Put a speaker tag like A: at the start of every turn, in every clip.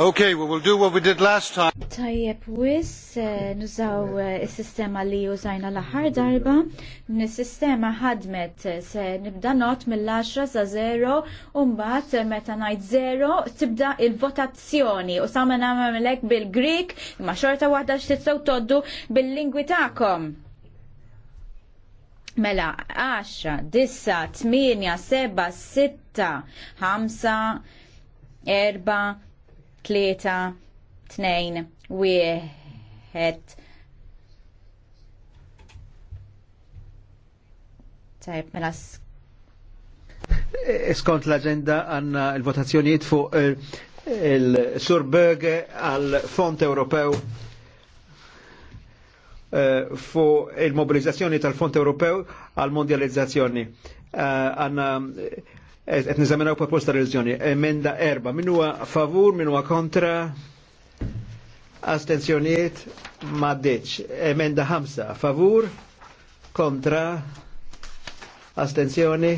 A: Okay, we will do what we did last time. Tajjeb wis, eh, nużaw eh, is-sistema li użajna l-aħħar darba. Nis-sistema ħadmet eh, se nibda not mill-10 sa 0 u mbagħad meta ngħid 0 tibda il-votazzjoni u sa ma nagħmel bil-Grik imma xorta waħda x'tistgħu toddu bil-lingwi tagħkom. Mela, 10, 9, 8, 7, 6, 5, 4, tleta, tnejn, wieħed. Tajb, mela eh, Skont l-agenda għanna eh, il votazzjoniet fuq il-Surberg għal Fond Ewropew eh, fuq il-mobilizzazzjoni tal-Fond Ewropew għal mondializzazzjoni. Għanna qed niżaminaw proposta reviżjoni. Emenda erba' min huwa favur, min huwa kontra, astenzjoniet maddeċ. Emenda ħamsa, favur, kontra, astenzjoni,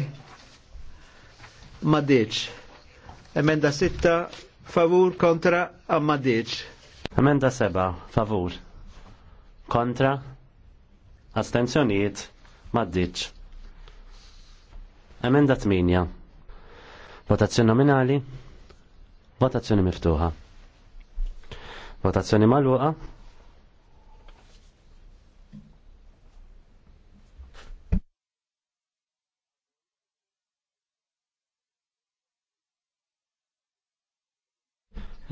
A: maddeċ. Emenda sitta, favur, kontra, ammaddeċ. Emenda seba, favur, kontra, astenzjoniet, maddeċ. Emenda tminja, Votazzjoni nominali. Votazzjoni miftuħa. Votazzjoni magħluqa.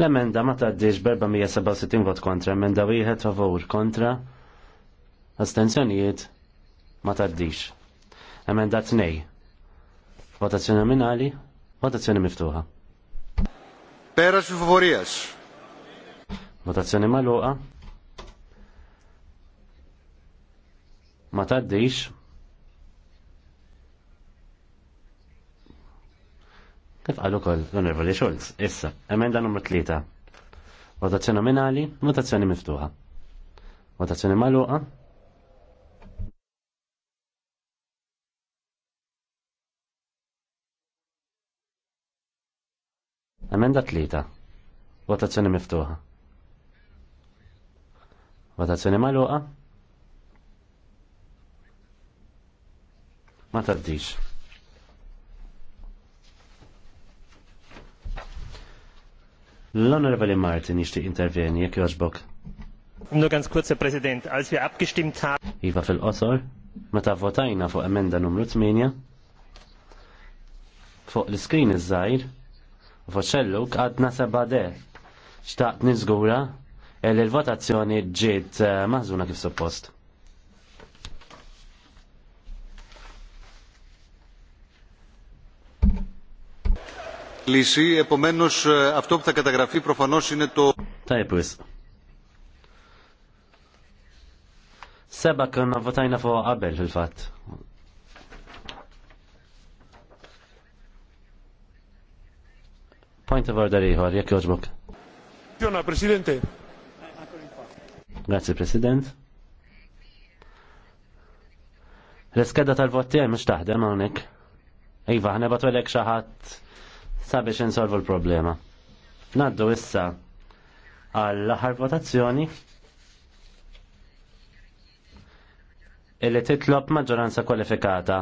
A: L-emenda ma tgħaddix b'467 vot kontra, emenda wieħed favur kontra, astenzjonijiet ma taddiġ. Emenda tnej. Votazzjoni nominali, Votazzjoni miftuħa. Peras favorijas. Votazzjoni maluqa. Ma taddix. Kif għallu kol l-Onorevoli Schulz, issa, emenda numru 3. Votazzjoni nominali, votazzjoni miftuħa. Votazzjoni maluqa. Emenda tlita. Votazzjoni miftuħa. Votazzjoni magħluqa. Ma tardix. L-Honorable Martin jixtieq intervjeni jekk jogħġbok. Nu ganz kurze President, als wir abgestimmt haben. Iva fil-qosor, meta votajna fuq emenda numru 8 fuq l-iskrin iż-żgħir Voċelluk għadna seba de. Xtaqt nizgura l-votazzjoni ġiet eh, maħżuna kif suppost. Λύση, επομένως αυτό που θα καταγραφεί προφανώς είναι το... Τα Seba konna votajna fuq qabel fil-fatt. Point of order ieħor, jekk joġbok. Jona, Presidente. Grazie, President. L-iskeda tal votti għaj mux taħdem għonek. Iva, ħna batu għalek xaħat sabiex insolvu l-problema. Naddu issa għall-ħar votazzjoni illi titlob maġġoranza kwalifikata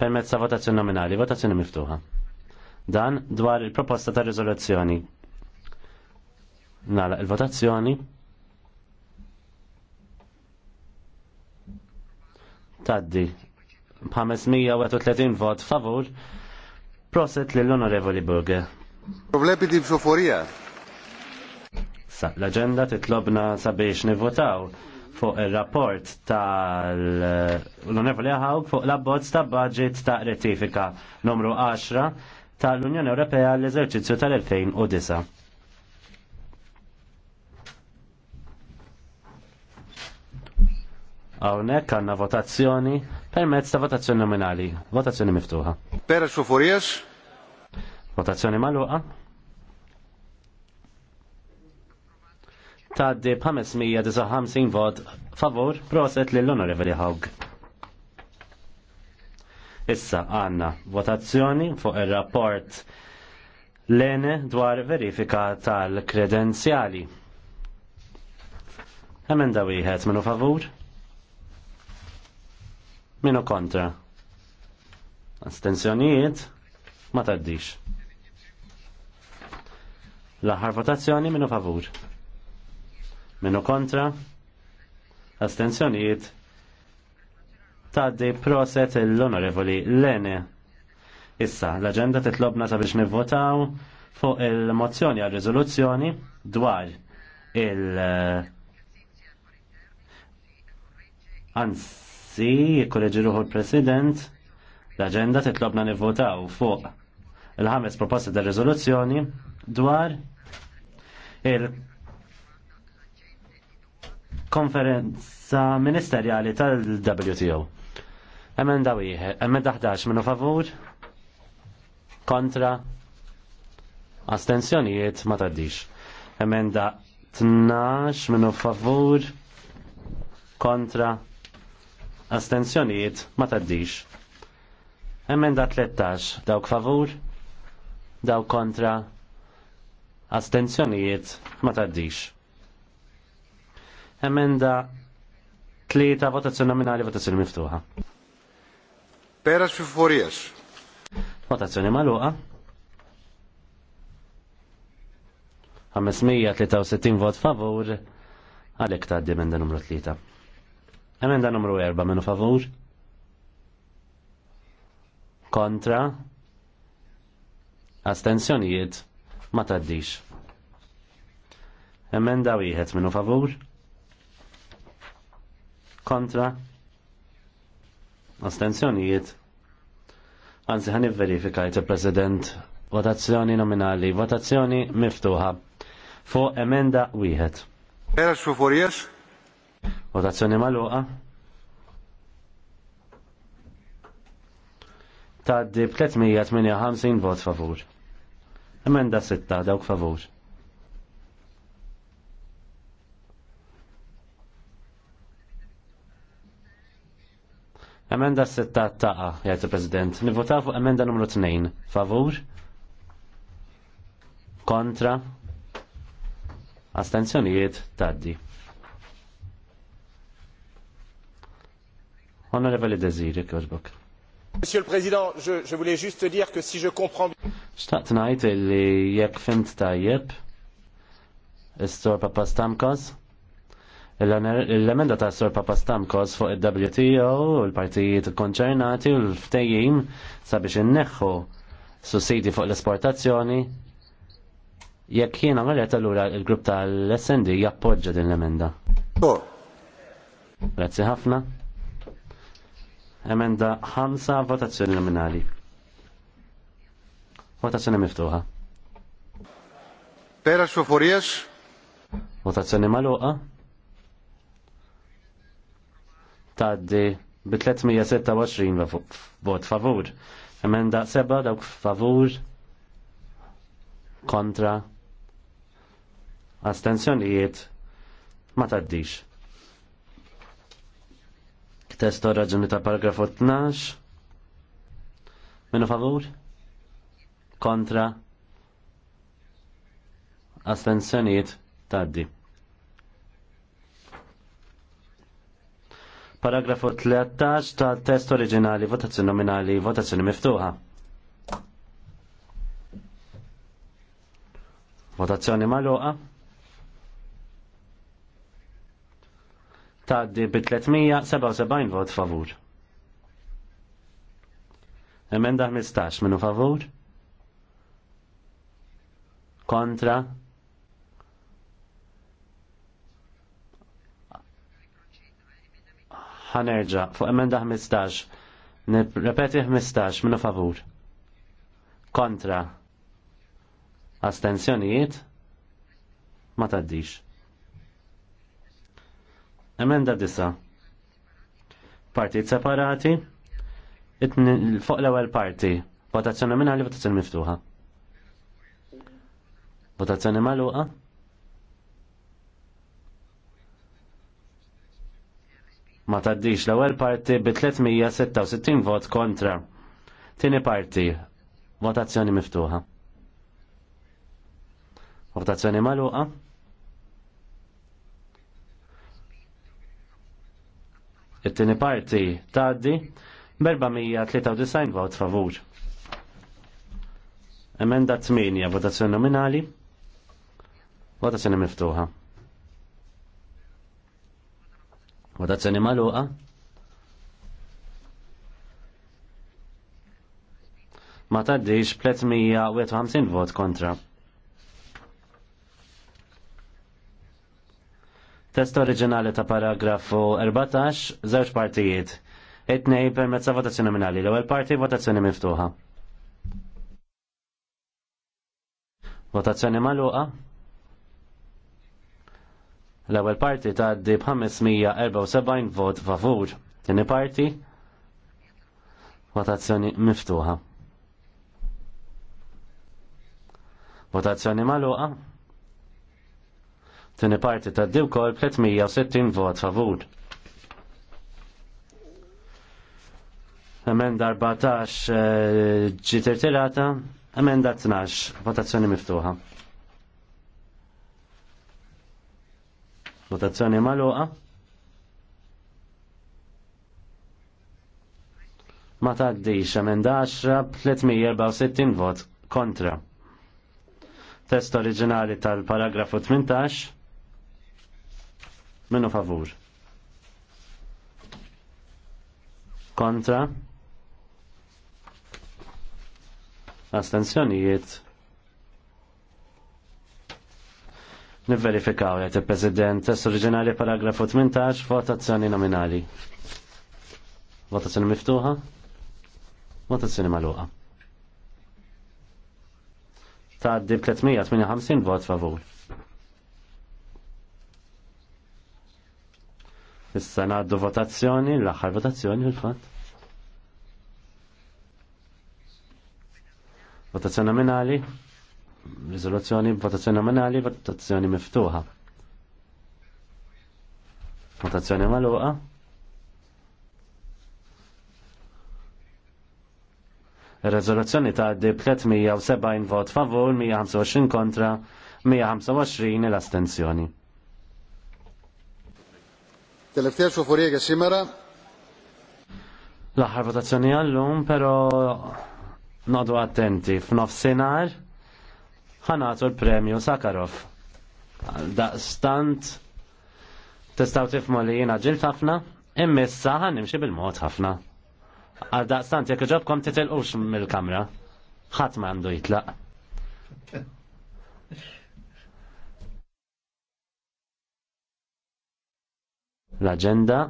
A: permezz ta' votazzjoni nominali, votazzjoni miftuħa dan dwar il-proposta ta' riżoluzzjoni. Nala il-votazzjoni. Taddi. 531 vot favur. Proset lill-Onorevoli Burger. Problemi di Sa, L-agenda titlobna sabiex nivvotaw fuq il-rapport tal-Onorevoli Haug fuq l-abbozz ta' budget ta' retifika numru 10 tal-Unjoni Ewropea l-eżerċizzju tal-2009. Hawnhekk għandna votazzjoni permezz ta' votazzjoni nominali, votazzjoni miftuħa. Pera xufurijas? Votazzjoni magħluqa? Taddi b'559 vot favur proset lill-Onorevoli Hawg. Issa għanna votazzjoni fuq il-rapport lene dwar verifika tal-kredenzjali. Emenda wieħed minu favur? Minu kontra? Astenzjonijiet? Ma taddix. L-aħħar votazzjoni minu favur? Minu kontra? Astenzjonijiet? taddi proset l-onorevoli Lene. Issa, l-agenda titlobna sabiex nivvotaw fuq il-mozzjoni għal riżoluzzjoni dwar il- Anzi, kolleġi ruħu l-President, l-agenda titlobna nivvotaw fuq il-ħames proposta ta' riżoluzzjoni dwar il- konferenza ministerjali tal-WTO. Emenda wieħed, emenda ħdax minu favur, kontra, astensjonijiet ma taddix. Emenda 12 minu favur, kontra, astenzjonijiet ma taddix. Emenda 13, dawk favur, dawk kontra, astenzjonijiet ma taddix. Emenda tlieta votazzjoni nominali votazzjoni miftuħa. Peras fi forijas. Votazzjoni maluqa. 563 vot favur, għalek ta' għaddi emenda numru 3. Emenda numru 4 menu favur. Kontra. Astenzjonijiet ma taddix. Emenda wieħed minu favur. Kontra. Astenzjonijiet. Anzi, ħan verifika president Votazzjoni nominali. Votazzjoni miftuħa. Fuq emenda wieħed. Eras fu forjes? Votazzjoni maluqa. Taddi b 358 vot favur. Emenda 6 dawk favur. L-emenda 6 taqa, jgħid il-President. Nivvotaw fuq emenda numru 2. Favur? Kontra? Astenzjonijiet taddi. Honorevoli Desiri, kjoġbok. Monsieur le Président, je, je voulais juste dire que si je comprends bien. Xtaqt najt li jekk fint tajjeb, istor Papa Stamkos, L-emenda ta' Sir Papa Stamkos fuq il-WTO u l-partijiet konċernati u l-ftejjim sabiex inneħħu sussidi fuq l-esportazzjoni jekk jiena għalet allura il-grupp tal-SND jappoġġa din l-emenda. Grazzi ħafna. Emenda ħamsa votazzjoni nominali. Votazzjoni miftuħa. Pera xofuriex? Votazzjoni maluqa. tgħaddi bi 326 vot favur. Emenda seba' dawk favur kontra astensjonijiet ma tgħaddix. Test raġuni ta' paragrafu 12. Minu favur? Kontra? Astensjoniet tgħaddi. Paragrafu 13 tal-test oriġinali, votazzjoni nominali, votazzjoni miftuħa. Votazzjoni maluqa. Taddi bi 377 vot favur. Emenda 15 minu favur. Kontra. ħanerġa fuq emenda 15. Nirrepeti 15 minnu favur. Kontra. Astenzjonijiet ma taddix. Emenda disa. Partit separati. Fuq l-ewwel parti. Votazzjoni minna votazzjoni miftuħa. Votazzjoni magħluqa. ma taddix l-ewwel parti bi 366 vot kontra. Tieni parti, votazzjoni miftuħa. Votazzjoni magħluqa. It-tieni parti tgħaddi b'493 vot favur. Emenda 8, votazzjoni nominali. Votazzjoni miftuħa. Votazzjoni maluqa. Ma taddix 351 vot kontra. Test oriġinali ta' paragrafu 14, żewġ partijiet. Etnej permezz ta' votazzjoni nominali. L-ewwel parti votazzjoni miftuħa. Votazzjoni magħluqa. L-ewwel parti di 574 vot favur. Tieni parti votazzjoni miftuħa. Votazzjoni magħluqa. Tieni parti di wkoll 360 vot favur. Emenda 14 eh, ġiet irtirata, emenda 12, votazzjoni miftuħa. Votazzjoni maluqa. Ma taddix emenda 10 364 vot kontra. Test oriġinali tal-paragrafu 18 minnu favur. Kontra. Astenzjonijiet Nivverifikaw jgħet il-President, test oriġinali paragrafu 18, votazzjoni nominali. Votazzjoni miftuħa? Votazzjoni maluqa. Taddi 358 vot favur. Issa naddu votazzjoni, l-aħħar votazzjoni fil-fatt. Votazzjoni nominali? Rizoluzzjoni votazzjoni nominali, votazzjoni miftuħa. Votazzjoni maluqa. Rezoluzzjoni ta' di 370 vot favur, 125 kontra, 125 l-astenzjoni. Telefteja xoforija Simara L-ħar votazzjoni għallum, pero nodu attenti. F'nof senar, ħanatu l-premju Sakarov. Daqstant testaw tifmu li jina ġilt ħafna, immissa ħannimxi bil-mod ħafna. Għal daqstant jek ġobkom titilqux mill-kamra, ħadd ma għandu jitlaq. L-agenda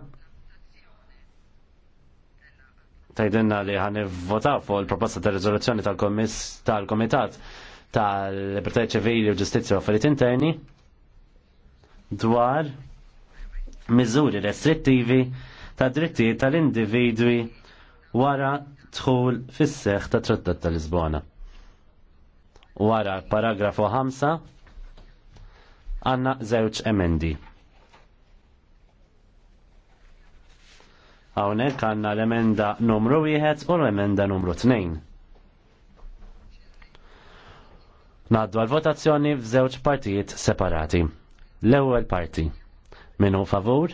A: tajdenna li ħan votaw fuq il-proposta ta' rizoluzzjoni tal-komitat tal komitat tal libertà ċivili u ġustizzja u affarijiet interni dwar miżuri restrittivi ta' drittijiet tal-individwi wara dħul fis-seħħ ta' Trattat ta' Lisbona. Wara paragrafu 5 għanna żewġ emendi. Hawnhekk għandna l-emenda numru wieħed u l-emenda numru tnejn. Naddu għal-votazzjoni f'żewġ partijiet separati. L-ewwel parti. Minu favur?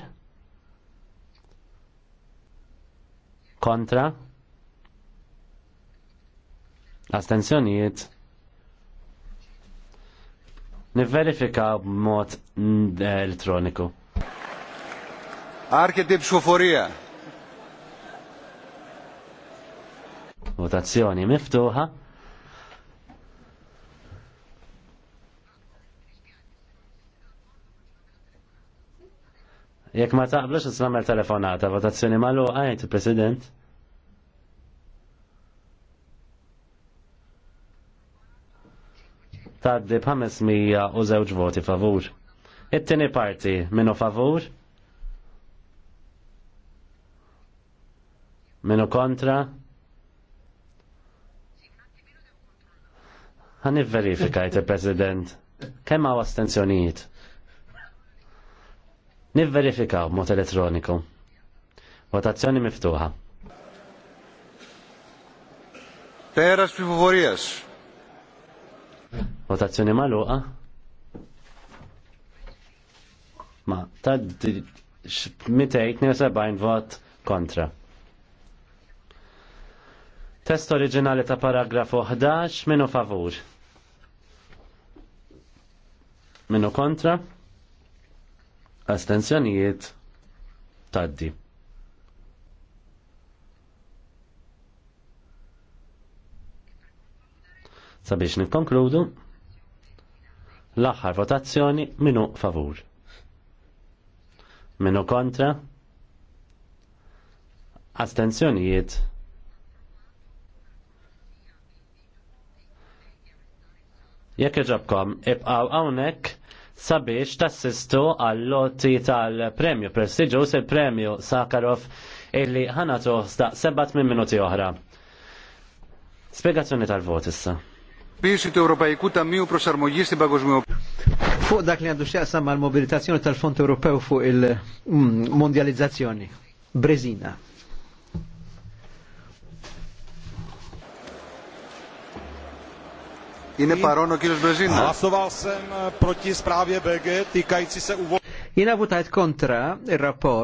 A: Kontra? Astenzjonijiet? Niverifika b'mod eh, elettroniku. Arketib xuforija. Votazzjoni miftuħa. Jek ma taqblux s-namel telefonata, votazzjoni malu għajt, President. Taddi mija u zewġ voti favur. It-tieni parti minu favur? Minu kontra? Għan verifika il-President. Kemm għaw astenzjonijiet? Nivverifikaw mod elettroniku. Votazzjoni miftuħa. Peras pifuvorijas. Votazzjoni maluqa. Ma ta' 272 vot kontra. Test oriġinali ta' paragrafu 11 minu favur. Minu kontra. Astenzjonijiet taddi. Sabiex nikkonkludu, l-aħħar votazzjoni minu favur. Minu kontra, astenzjonijiet Jekk iġabkom, ibqaw hawnhekk sabiex tassistu għall-lotti tal-premju prestiġus il-premju Sakharov illi ħanatu sta' 7 minuti oħra. Spiegazzjoni tal-vot issa. Fuq dak li għandu xjaqsam mal mobilitazzjoni tal-Fond Ewropew fuq il-mondializzazzjoni. Mm, Brezina. Hlasoval jsem eh, proti Jina votajt kontra il-rapport